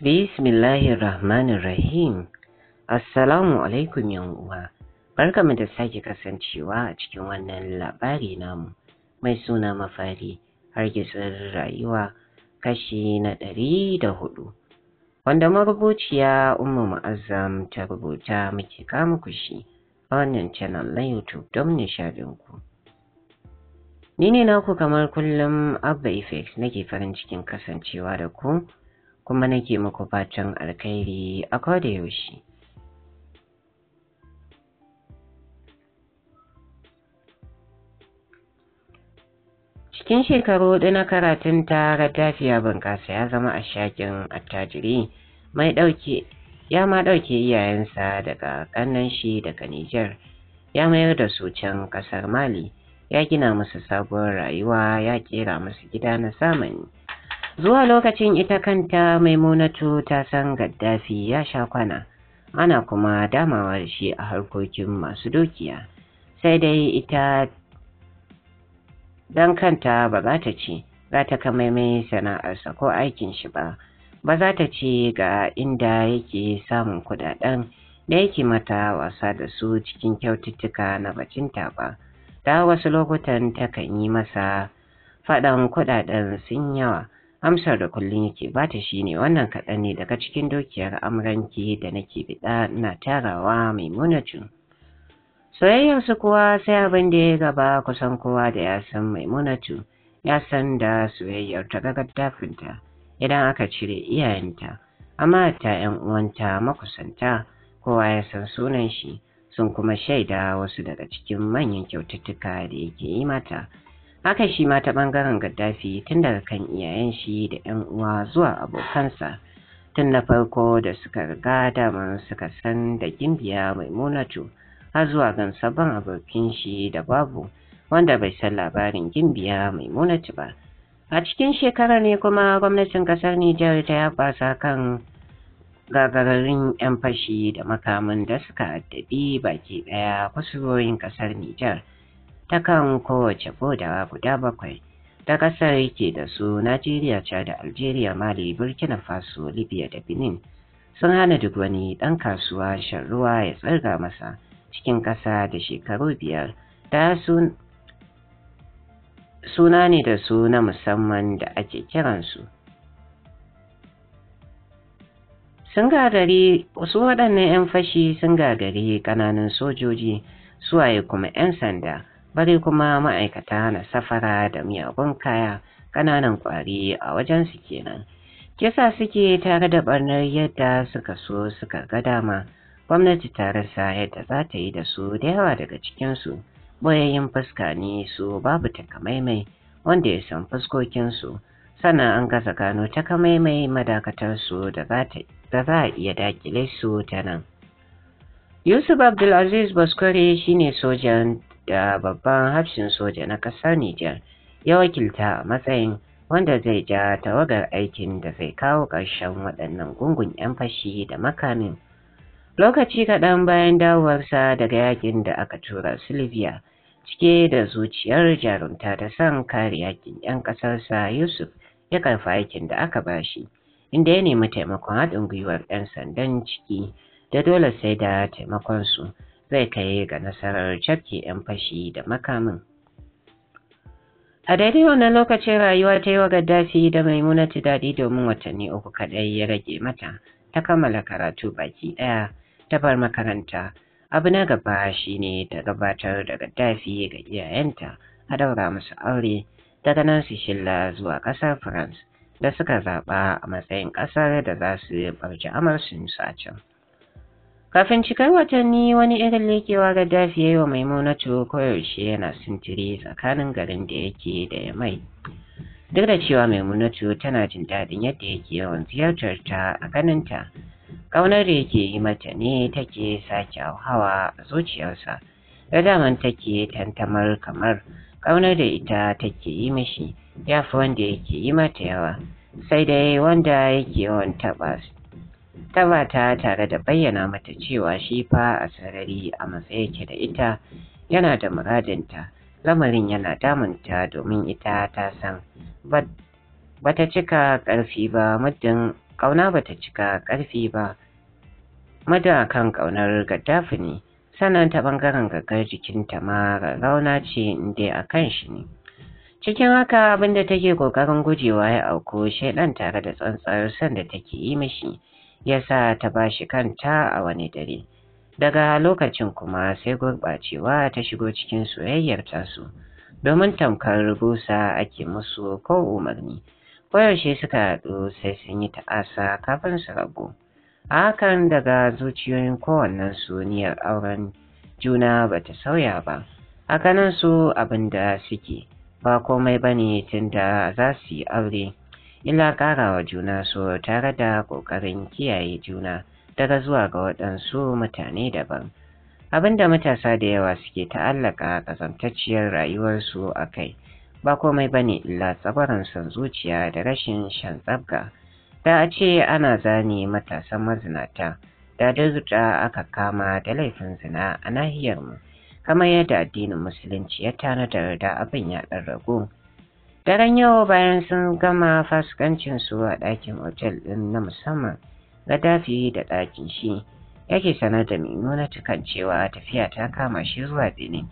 Bismillahirrahmanirrahim. Assalamu alaikum uwa. Barka mu da sake kasancewa a cikin wannan labari namu mai suna mafari hargitsin rayuwa kashi na ɗari da hudu. Wanda marubuciya Ummu Mu'azzam ta rubuta muke kama kushi a wannan channel na YouTube don nishadinku. ku. Ni ne naku kamar kullum Abba Effects nake farin cikin kasancewa da ku kuma nake muku fatan alkhairi a koda yaushe. Cikin shekaru hudu na karatun ta tafiya bunƙasa ya zama a shakin attajiri mai ɗauke ya ma ɗauke iyayensa daga ƙannan shi daga Nijar ya mayar da su can ƙasar Mali ya gina musu sabuwar rayuwa ya ƙera musu gida na zamani. zuwa lokacin ita kanta maimunatu ta san gaddafi ya sha kwana ana kuma damawar shi a harkokin masu dukiya sai dai ita dan kanta ba za ta ce za ta kamaimai sana'arsa ko aikin shi ba ba za ta ce ga inda yake samun kudaden da yake mata wasa da su cikin kyaututtuka na bacinta ba da wasu lokutan ta kan yi masa faɗan kudaden sun yawa amsar da kullum yake bata ne wannan kaɗan ne daga cikin dukiyar amuranki da nake biɗa na tarawa mai maimunatu soyayyarsu kuwa sai abin da ya gaba kusan kowa da ya san maimunatu ya san da soyayyar ta ga gaddafinta idan aka cire iyayenta amma ta yan uwanta makusanta kowa ya san sunan shi sun kuma shaida wasu daga cikin manyan kyaututtuka da yake yi mata haka shi ma ta ɓangaren gaddafi tun daga kan iyayen shi da yan uwa zuwa abokansa tun na farko da suka riga daman suka san da gimbiya mai monato har zuwa gan sabon abokin shi da babu wanda bai san labarin gimbiya mai monato ba a cikin shekarar ne kuma gwamnatin kasar nijar ta yabasa kan gagararin 'yan fashi da makamin da suka addabi baki daya kusurorin kasar Nijar ta kan kowace kodawa guda bakwai ta kasar yake da su Najeriya, da Algeria, Mali, Burkina Faso, Libya da Benin sun hana duk wani ɗan kasuwa shan ruwa ya tsirga masa cikin kasa da shekaru biyar ta sun suna ne da su na musamman da ake kiransu. Sun gagari su waɗannan 'yan fashi sun gagari ƙananan sojoji suwaye kuma 'yan sanda bari kuma ma'aikata na safara da miyagun kaya ƙananan ƙwari a wajensu kenan. Kisa suke tare da ɓarnar yadda suka so suka ga dama, gwamnati ta rasa yadda za ta yi da su da yawa daga cikinsu, boyayyin fuska ne su babu takamaimai wanda ya san fuskokinsu, sannan an gaza gano takamaimai madakatarsu da za a iya dakile su ta nan. Yusuf Abdulaziz Baskore shine sojan da babban hafshin soja na ƙasar Nijar ya wakilta a matsayin wanda zai ja tawagar aikin da zai kawo ƙarshen waɗannan gungun 'yan fashi da makamin. Lokaci kaɗan bayan dawowarsa daga yakin da aka tura Silvia cike da zuciyar jarumta ta san kare yakin 'yan ƙasarsa Yusuf ya karfa aikin da aka ba shi, inda ya nemi taimakon haɗin gwiwar 'yan sandan ciki da dole sai da taimakonsu. su. zai kai ga nasarar cafke 'yan fashi da makamin. A daidai wannan lokacin rayuwa ta yi wa Gaddafi da Maimunatu daɗi domin watanni uku kaɗai ya rage mata, ta kammala karatu baki ɗaya, ta bar makaranta. Abu na gaba shi ne ta gabatar da Gaddafi ga iyayenta a daura musu aure daga nan su shilla zuwa ƙasar France da suka zaɓa a matsayin ƙasar da za su barci amarsu a can. Kafin cikar watanni wani irin lekewa ga ya yi wa Maimunatu koyaushe yana sintiri tsakanin garin da yake da ya mai. Duk da cewa Maimunatu tana jin daɗin yadda yake yawan ziyartar ta a ganinta, ƙaunar da yake yi mata ne take sake hawa a zuciyarsa, da daman take tantamar kamar ƙaunar da ita take yi mishi ya fi wanda yake yi mata yawa, sai dai wanda yake yawan taɓa ta mata tare da bayyana mata cewa shi fa a sarari a matsayi da ita yana da muradinta lamarin yana damunta domin ita ta san bata cika ƙarfi ba muddin ƙauna bata cika ƙarfi ba mada kan ƙaunar gaddafi ne sannan ta ɓangaren gaggar jikinta ma rauna ce inda a kan shi ne cikin haka abinda take ƙoƙarin gujewa ya auku shaidan tare da tsantsar sanda take yi mishi ya sa ta bashi kanta a wani dare. Daga lokacin kuma sai gurɓacewa ta shigo cikin soyayyar tasu, domin tamkar rubusa ake musu ko umarni. Koyaushe suka haɗu sai sun yi ta'asa kafin su rabu. A hakan daga zuciyoyin su niyyar auren juna ba ta sauya ba. Hakanan su abin da suke, ba komai ba ne tun da za su yi aure. illa ƙarawa juna su tare da ƙoƙarin kiyaye juna daga zuwa ga waɗansu mutane daban. Abinda matasa da yawa suke ta'allaka ƙazamtacciyar rayuwarsu a kai ba komai ba ne illa tsabarin son zuciya da rashin shan tsabga. Da a ce ana zane matasan mazinata da dazuta aka kama da laifin zina a nahiyarmu kamar yadda addinin musulunci ya tanadar da abin ya ɗan ragu. Daren yau bayan sun gama fasikancin su a ɗakin otel ɗin na musamman Gaddafi da ɗakin shi yake sanar da Maimuna tukan cewa tafiya ta kama shi zuwa Benin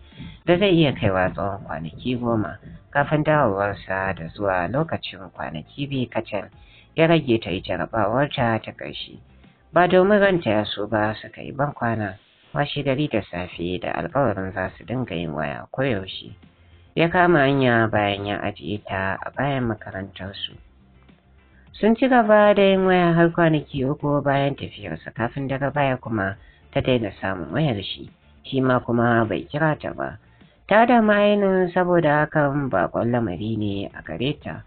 da zai iya kaiwa tsawon kwanaki goma kafin dawowarsa da zuwa lokacin kwanaki biyu kacal ya rage ta yi jarabawarta ta ƙarshe. Ba domin ranta ya so ba suka yi ban kwana washe gari da safe da alkawarin za su dinga yin waya koyaushe. ya kama hanya bayan ya ajiye ta a bayan makarantarsu. Sun ci gaba da yin waya har kwanaki uku bayan tafiyarsa kafin daga baya kuma ta daina samun wayar shi, shi ma kuma bai kira ta ba. Ta da ma'ainin saboda hakan bakon lamari ne a gare ta.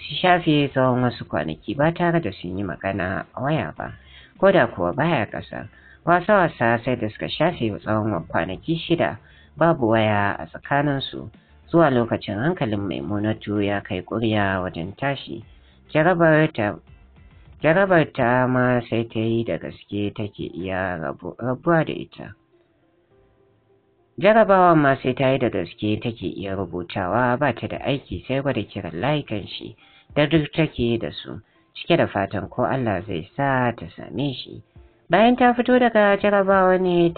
Su shafe tsawon wasu kwanaki ba tare da sun yi magana a waya ba, ko da kuwa baya ƙasa. Wasa-wasa sai da suka shafe tsawon kwanaki shida babu waya a tsakaninsu. zuwa lokacin hankalin maimunatu ya kai ƙurya wajen tashi jarabar ta ma sai ta yi da gaske take iya rabuwa da ita jarabawa ma sai ta yi da gaske take iya rubutawa ba ta da aiki sai gwada kiran layukan shi da duk take da su cike da fatan ko Allah zai sa ta same shi bayan ta fito daga jarabawa ne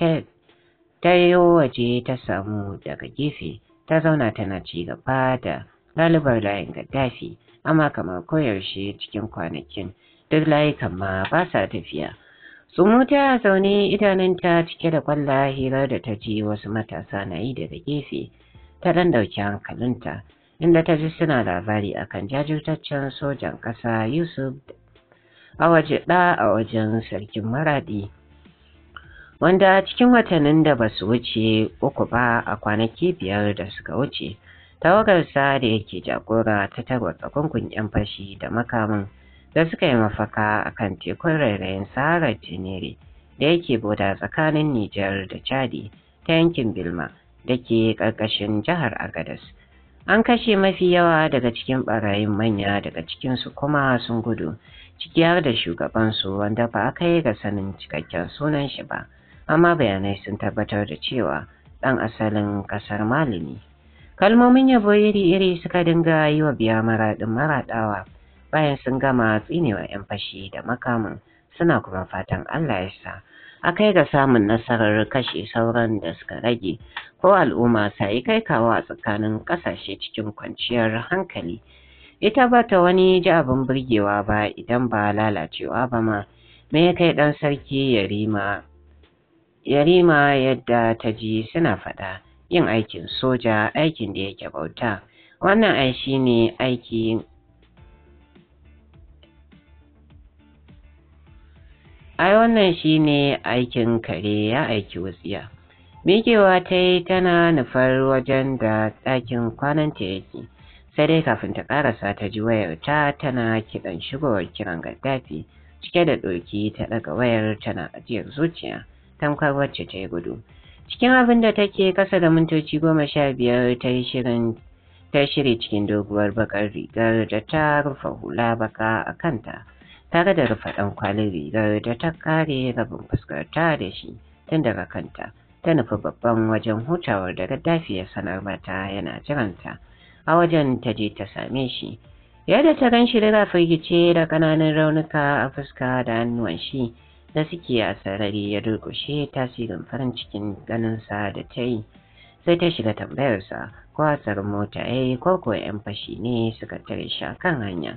ta yi waje ta samu daga gefe ta zauna tana ci gaba da lalubar layin gaddafi amma kamar koyaushe cikin kwanakin duk layukan ma ba sa tafiya sumu ta zaune idanunta cike da kwalla hirar da ta ji wasu matasa na yi daga gefe ta ɗan ɗauki hankalinta inda ta ji suna labari akan jajirtaccen sojan ƙasa yusuf a waje ɗa a wajen sarkin maraɗi wanda cikin watannin da ba su wuce uku ba a kwanaki biyar da suka wuce tawagarsa da yake jagora ta tarwatsa gungun 'yan fashi da makamin da suka yi mafaka a kan tekun rairayin saharar tinere da yake boda tsakanin nijar da chadi ta yankin bilma da ke ƙarƙashin jihar agadas an kashe mafi yawa daga cikin ɓarayin manya daga cikinsu kuma sun gudu ciki har da shugabansu wanda ba a kai ga sanin cikakken sunan shi ba. amma bayanai sun tabbatar da cewa ɗan asalin ƙasar Mali ne. Kalmomin yabo iri-iri suka dinga yi wa biya maraɗin maraɗawa bayan sun gama tsinewa 'yan fashi da makamin suna kuma fatan Allah ya sa. A kai ga samun nasarar kashe sauran da suka rage ko al'umma sa yi kai kawo a tsakanin ƙasashe cikin kwanciyar hankali. Ita ba ta wani ji abin burgewa ba idan ba lalacewa ba ma, me ya kai ɗan sarki Yarima Yarima yadda ta ji suna faɗa yin aikin soja aikin da yake bauta wannan ai shi ne aiki ai wannan shi ne aikin kare ya aiki wutsiya mikewa ta yi tana nufar wajen da ɗakin kwananta yake sai dai kafin ta ƙarasa ta ji wayar ta tana kiɗan shigowar kiran gaddafi cike da ɗoki ta ɗaga wayar tana ajiyar zuciya tamkar wacce ta yi gudu cikin abin da take kasa da mintoci goma sha biyar ta yi shirin ta shirya cikin doguwar bakar rigar da ta rufe hula baka a kanta tare da rufe ɗan kwalin rigar da ta kare rabin fuskarta da shi tun daga kanta ta nufi babban wajen hutawar da gaddafi ya sanar mata yana jiranta a wajen ta je ta same shi yadda ta gan shi da firgice da ƙananan raunuka a fuska da hannuwan shi da suke a sarari ya durkushe tasirin farin cikin ganinsa da ta yi sai ta shiga tambayarsa ko tsarin mota ya eh, yi ko 'yan fashi ne suka tare shi kan hanya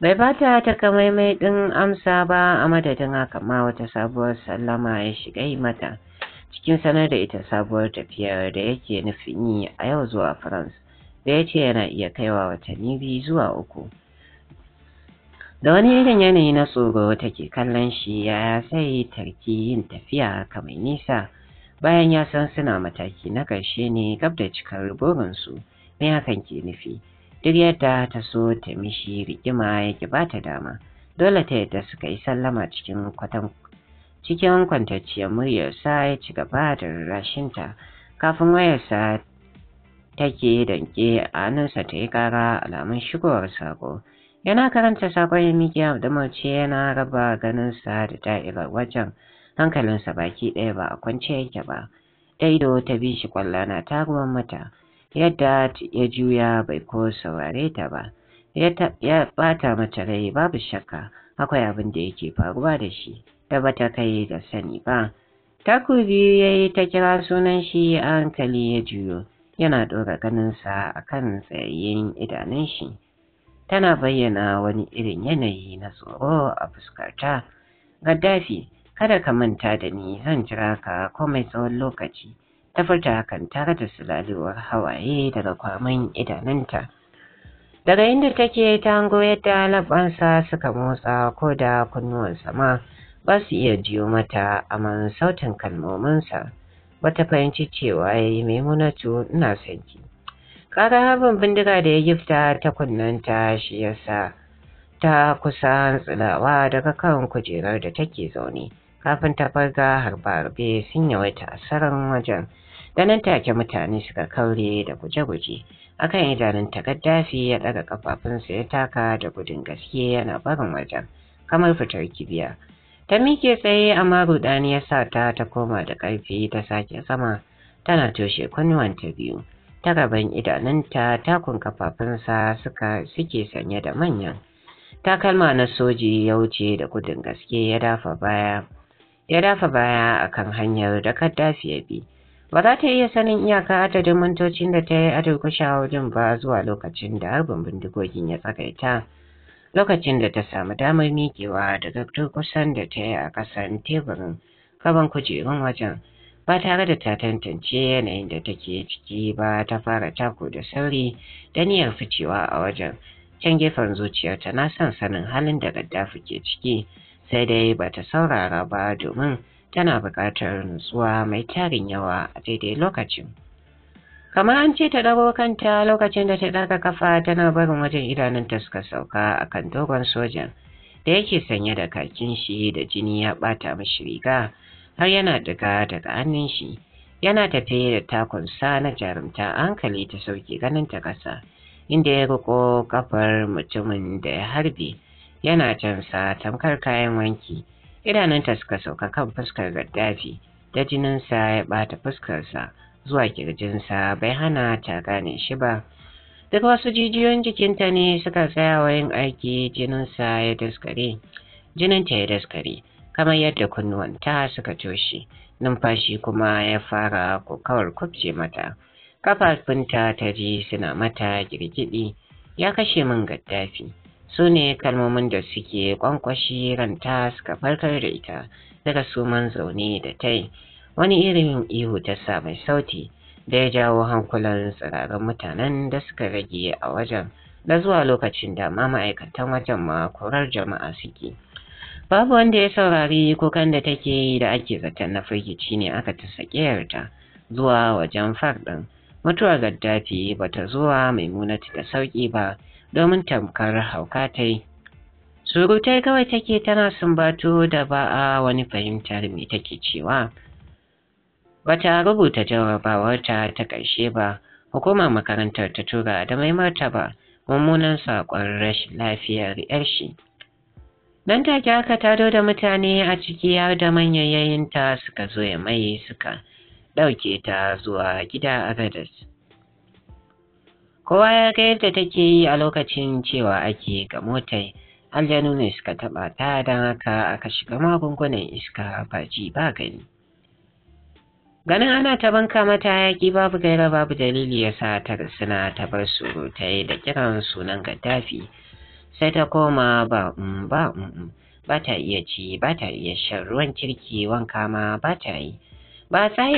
bai ba taka maimai ɗin amsa ba a madadin haka ma wata sabuwar sallama ya shiga yi mata cikin sanar da ita sabuwar tafiyar da yake nufin yi a yau zuwa france da ya ce yana iya kaiwa watanni biyu zuwa uku da wani irin yanayi na tsoro take kallon shi ya sai tarki yin tafiya kamar nisa bayan ya san suna mataki na ƙarshe ne gab da cikar burinsu me hakan ke nufi duk yadda ta so ta mishi rigima yake ba ta dama dole ta yadda suka yi sallama cikin kwatan cikin kwantacciyar muryarsa ya ci gaba da rashinta kafin wayarsa take danke a hannunsa ta yi kara alamun shigowar sako yana karanta sakon mikiya da mace yana raba ganin sa da ta'irar wajen hankalinsa baki ɗaya ba a kwance yake ba daido ta bi shi kwallana ta ruwan mata yadda ya juya bai ko saurare ta ba ya bata mata rai babu shakka akwai abin da yake faruwa da shi da bata kai da sani ba taku biyu ya yi ta kira sunan shi a hankali ya juyo yana ɗora ganinsa a kan tsayayyen idanun shi tana bayyana wani irin yanayi na tsoro a fuskarta gaddafi kada ka manta da ni zan jira ka komai tsawon lokaci ta furta hakan tare da sulalewar hawaye daga kwaman idananta daga inda take ta hango yadda labansa suka motsa ko da kunnuwan sama, ba su iya jiyo mata aman sautin kalmominsa bata fahimci cewa ya yi maimunatu ina son ki kaga harbin bindiga da ya gifta ta kunnanta shi yasa ta kusa tsinawa daga kan kujerar da take zaune kafin ta farga harbe-harbe sun yawaita a asarar wajen da nan take mutane suka kaure da guje-guje akan idanun ta ya ɗaga kafafunsa ya taka da gudun gaske yana barin wajen kamar fitar kibiya ta mike tsaye amma rudani ya sa ta ta koma da karfi ta sake sama tana toshe ta biyu ta gaban idanunta takun kafafunsa suka suke sanye da manyan takalma na soji ya wuce da gudun gaske ya dafa baya ya dafa baya akan hanyar da kaddafi ya bi ba za ta iya sanin iyaka adadin mintocin da ta yi a durkusha wajen ba zuwa lokacin da harbin bindigogin ya tsagaita lokacin da ta samu damar miƙewa daga durkusan da ta yi a ƙasan teburin kaban kujerun wajen ba tare da ta tantance yanayin da take ciki ba ta fara taku da sauri da niyyar ficewa a wajen can gefen zuciyarta na san sanin halin da gaddafi ke ciki sai dai ba ta saurara ba domin tana buƙatar nutsuwa mai tarin yawa a daidai lokacin kamar an ce ta ɗago kanta lokacin da ta ɗaga kafa tana barin wajen idanunta suka sauka a kan dogon sojan da yake sanye da kakin shi da jini ya ɓata mashi riga har yana daga daga hannun shi yana tafe da sa na jarumta hankali ta sauke ganin ta kasa, inda ya riko kafar mutumin da ya harbe yana sa tamkar kayan wanki idanunta suka sauka kan fuskar gaddafi da jinin sa ya ɓata sa, zuwa sa bai hana ta gane shi ba duk wasu jijiyoyin jikinta ne suka tsaya wa yin aiki jininsa ya daskare jininta ya daskare kamar yadda kunnuwanta suka toshe numfashi kuma ya fara kokawar kubce mata kafafunta ta ji suna mata girgidi ya kashe min gaddafi su ne kalmomin da suke kwankwashi ranta suka farkar da ita daga suman zaune da ta yi wani irin ihu ta sa mai sauti da ya jawo hankulan tsirarin mutanen da suka rage a wajen da zuwa lokacin da ma ma'aikatan wajen ma korar jama'a suke. babu wanda ya saurari kukan da take yi da ake zaton na firgici ne aka ta sakiyarta zuwa wajen far ɗin mutuwar gaddafi ta zuwa maimunatu da sauƙi ba domin tamkar hauka yi. surutai kawai take tana sumbato da ba a wani fahimtar me take cewa Ba ta rubuta jarrabawarta ta ƙarshe ba hukumar makarantar ta tura da mai ba, mummunan saƙon rashin lafiyar 'yar shi. Don take aka taro da mutane a ciki har da manyayayinta suka zo ya mai suka ɗauke ta zuwa gida Agadas. Kowa ya ga yadda take yi a lokacin cewa ake ga motai, aljanu ne suka taɓa ta don haka aka shiga magungunan iska ba ji ba gani. Ganin ana ta banka mata yaƙi babu gaira babu dalili ya sa ta suna ta bar su ta yi da kiran sunan Gaddafi. sai ta koma ba mm, ba mm, mm. ba ta iya ci ba ta iya shan ruwan kirki wanka ma ba ta yi ba ta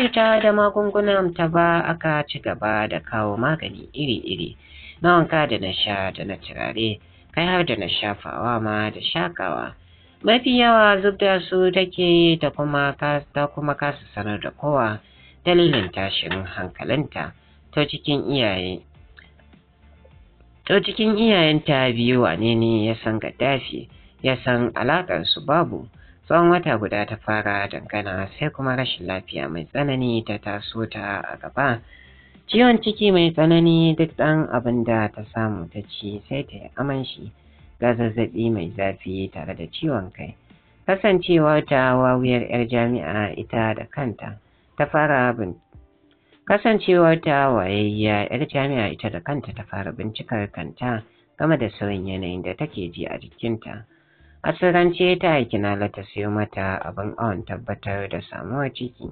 da magungunan ta ba aka ci gaba da kawo magani iri-iri na wanka da na sha da na turare kai har da na shafawa ma da shakawa mafi yawa zub da su take ta kuma ta kuma kasa sanar da kowa dalilin tashin hankalinta ta cikin iyaye To cikin iyayenta biyu wane ne ya san Gaddafi, ya san alaƙarsu babu. Tsawon wata guda ta fara dangana sai kuma rashin lafiya mai tsanani ta taso ta a gaba. Ciwon ciki mai tsanani duk ɗan abin da ta samu ta ci sai ta yi aman ga zazzaɓi mai zafi tare da ciwon kai. kasancewa ta wawuyar 'yar jami'a ita da kanta ta fara bincike. Kasancewar ta wayayya 'yar jami'a ita da kanta ta fara bincikar kanta game da sauyin yanayin da take ji a jikinta. A ta aiki Nala ta siyo mata abin awon tabbatar da samuwar ciki.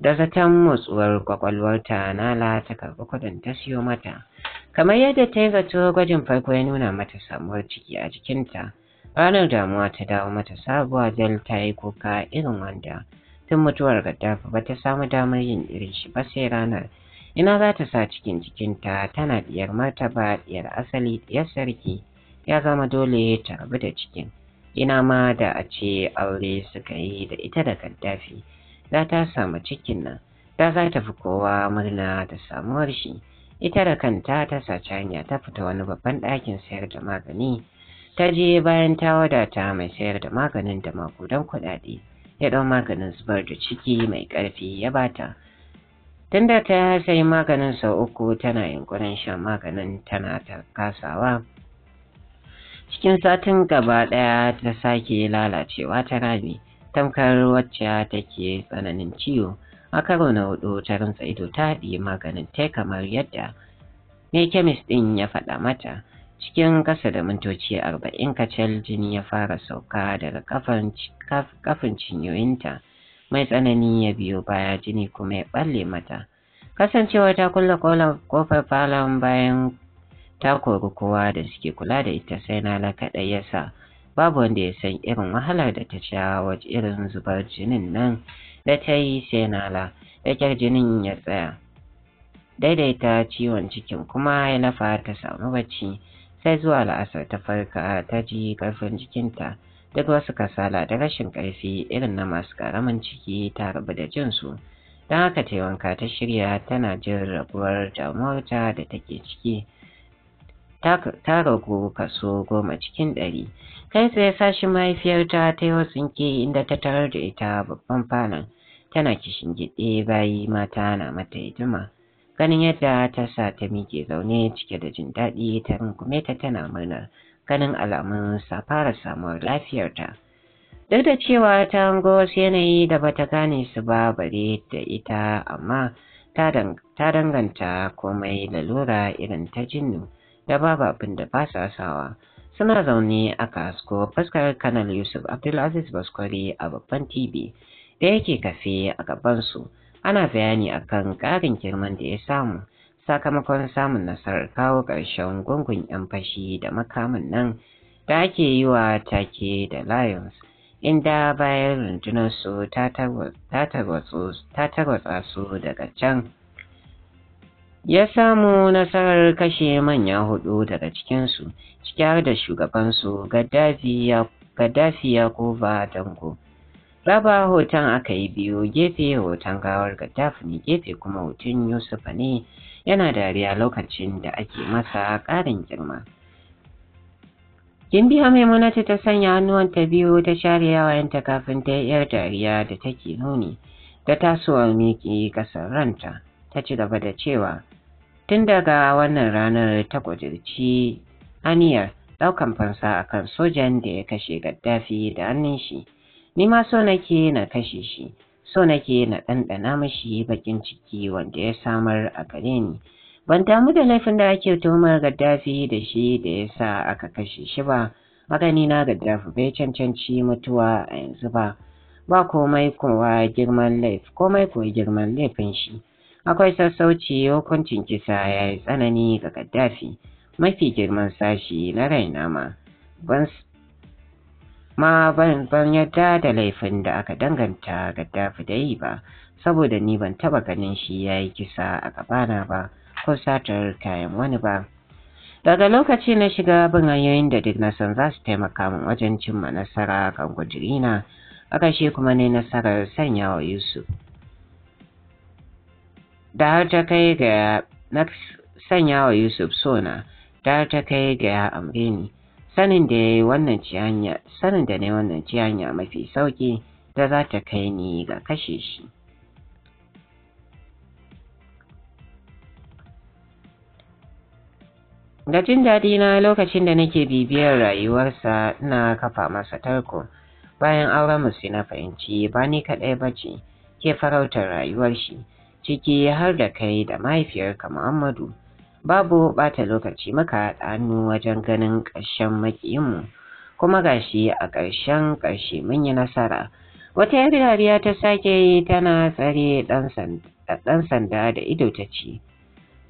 Da zaton motsuwar kwakwalwarta Nala ta karɓi kuɗin ta siyo mata. Kamar yadda ta yi zato gwajin farko ya nuna mata samuwar ciki a jikinta. Ranar damuwa ta dawo mata sabuwa Jal ta yi kuka irin wanda tun mutuwar Gaddafi ba ta samu damar yin irin shi ba sai ranar. Ina za ta sa cikin jikinta tana ɗiyar martaba ɗiyar asali ɗiyar sarki ya zama dole ta rabu da cikin. Ina ma da a ce aure suka yi da ita da Gaddafi za ta samu cikin nan. Da za ta fi kowa murna da samuwar shi. Ita da kanta ta saci hanya ta fita wani babban ɗakin sayar da magani. Ta je bayan ta wadata mai sayar da maganin da makudan kuɗaɗe. ya ɗau maganin zubar da ciki mai ƙarfi ya bata. Tunda ta sai maganin sau uku tana yunkurin shan maganin tana ta kasawa. Cikin satin gaba ɗaya ta sake lalacewa ta rami, tamkar wacce take tsananin ciwo. A karo na hudu ta rantsa ido ta haɗi maganin ta kamar yadda me kemis ɗin ya faɗa mata. cikin ƙasa da mintoci arba'in kacal jini ya fara sauka daga kafin cinyoyinta mai tsanani ya biyo baya jini kuma ya balle mata kasancewa ta kulle kofar falon bayan ta kori kowa da suke kula da ita sai nala kaɗai ya sa babu wanda ya san irin wahalar da ta sha wajen irin zubar jinin nan da ta yi sai nala da kyar jinin ya tsaya daidaita ciwon cikin kuma ya lafa ta samu bacci sai zuwa la'asar ta farka ta ji karfin jikinta duk wasu kasala da rashin karfi irin na masu karamin ciki ta rabu da jinsu, don haka ta wanka ta shirya tana jin rabuwar damuwarta da take ciki ta ragu kaso goma cikin ɗari kai tsaye sashi mahaifiyarta ta yi tsinke inda ta tarar da ita babban falon tana kishin gide bayi mata na mata hidima ganin yadda ta sa ta miƙe zaune cike da jin daɗi ta rungume ta tana murna ganin alamun sa fara samuwar lafiyarta duk da cewa ta hango wasu yanayi da bata gane su ba bare da ita amma ta danganta komai da lura irin ta jinnu da babu abin da ba sa sawa suna zaune a kasko fuskar kanal yusuf abdulaziz baskwari a babban tv da yake kafe a gabansu ana bayani akan ƙarin girman da ya samu sakamakon samun nasarar kawo ƙarshen gungun 'yan fashi da makamin nan da ake yi wa take da lions inda bayan rundunar su ta tarwatsa su daga can ya samu nasarar kashe manya hudu daga cikinsu ciki har da shugabansu gaddafi ya kuba dango Raba hoton aka yi biyu gefe hoton gawar Gaddafi ne gefe kuma hoton Yusufa ne yana dariya lokacin da ake masa ƙarin girma. Gimbiya Maimunatu ta sanya hannuwanta biyu ta share yawayenta kafin ta yi ‘yar dariya da take nuni ta tasowar miƙi ƙasar ranta ta ci gaba da cewa tun daga wannan ranar ta ƙudurci aniyar ɗaukan fansa a kan sojan da ya kashe Gaddafi da hannun shi. ni ma so nake na kashe shi so nake na ɗanɗana mashi bakin ciki wanda ya samar a gare ni ban damu da laifin da ake tuhumar gaddafi da shi da ya sa aka kashe shi ba magani na gaddafi bai cancanci mutuwa a yanzu ba ba komai kowa girman laif komai kuwa girman laifin shi akwai sassauci hukuncin kisa ya yi tsanani ga gaddafi mafi girman sashi na raina ma ma ban ban yadda da laifin da aka danganta ga dafi da yi ba saboda ni ban taba ganin shi ya yi kisa a gabana ba ko satar kayan wani ba. Daga lokaci na shiga bin hanyoyin da duk na san za su taimaka min wajen cimma nasara kan gudurina a ƙarshe kuma ne nasarar sanya wa Yusuf. Da ta kai ga na sanya wa Yusuf sona, da har ta kai ga ya amre ni. sanin da yayi wannan sanin da ne wannan ci hanya mafi sauki da za ta kai ni ga kashe shi da jin daɗi na lokacin da nake bibiyar rayuwarsa na kafa masa tarko bayan auren mu sai na fahimci ba ni kaɗai ba ke farautar rayuwar shi ciki har da kai da mahaifiyarka Muhammadu babu ɓata lokaci muka haɗa hannu wajen ganin ƙarshen makiyinmu, kuma ga shi a ƙarshen ƙarshe mun yi nasara wata yar dariya ta sake yi tana tsare ɗan sanda da ido ta ce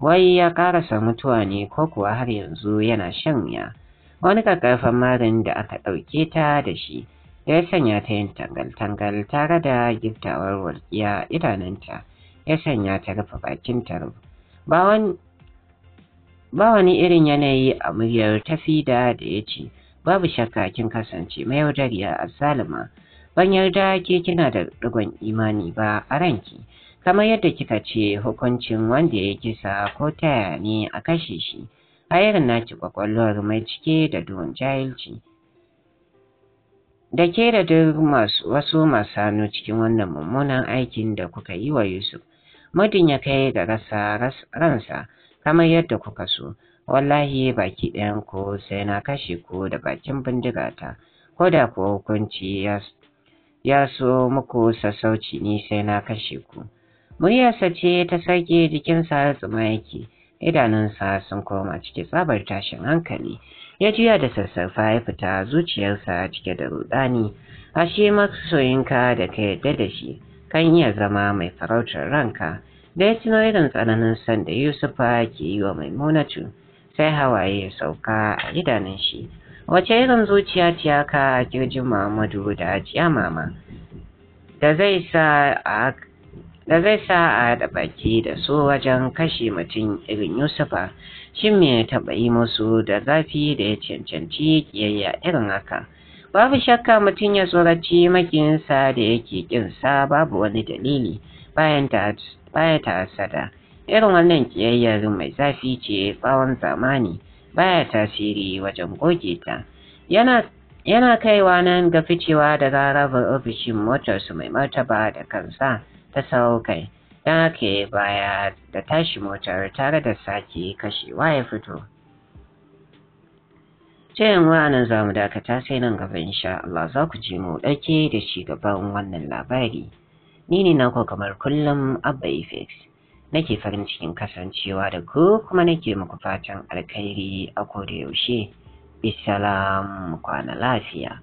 wai ya ƙarasa mutuwa ne ko kuwa har yanzu yana shan wani ƙaƙƙarfan marin da aka ɗauke ta da shi ya sanya ta yin tangal-tangal tare da giftawar walƙiya idanunta ya sanya ta rufe bakinta. ba ba wani irin yanayi a muryar tafida da ya ce babu shakka kin kasance mai yaudariya a salima ban yarda ke kina da rigon imani ba a ranki kamar yadda kika ce hukuncin wanda ya kisa ko taya ne a kashe shi a irin naci kwakwalwar mai cike da duhun jahilci da ke da duk wasu masu hannu cikin wannan mummunan aikin da kuka yi wa yusuf mudin ya kai ga rasa ransa kamar yadda kuka so wallahi baki ɗayan ku sai na kashe ku da bakin bindiga ta ko da kuwa hukunci ya so muku sassauci ni sai na kashe ku sa ce ta sake jikin har tsuma yake idanunsa sun koma cike tsabar tashin hankali ya juya da sassafa ya fita zuciyarsa cike da rudani ashe masoyinka da ka yadda da shi kan iya zama mai farautar ranka da ya tuno irin tsananin san da Yusufa ke yi wa Maimunatu sai hawaye ya sauka a idanun shi. Wace irin zuciya ce haka a Muhammadu da ajiya mama da zai sa a da baki da su wajen kashe mutum irin Yusufa shin me taɓa yi musu da zafi da ya cancanci kiyayya irin haka. Babu shakka mutum ya tsoraci makinsa da yake kinsa babu wani dalili bayan da baya ta'assada irin wannan kiyayyar mai zafi ce tsawon zamani baya tasiri wajen goge ta yana yana kaiwa nan ga ficewa daga rabar ofishin motarsu mai martaba da kansa ta saukai. kai don haka baya da tashi motar tare da sake kashewa ya fito Cikin wa'anan zamu dakata sai nan gaba insha Allah za ku ji mu ɗauke da shi gaban wannan labari. ni ne naku kamar kullum abba efex nake farin cikin kasancewa da ku kuma nake muku fatan alkhairi a koda yaushe bisalam kwana lafiya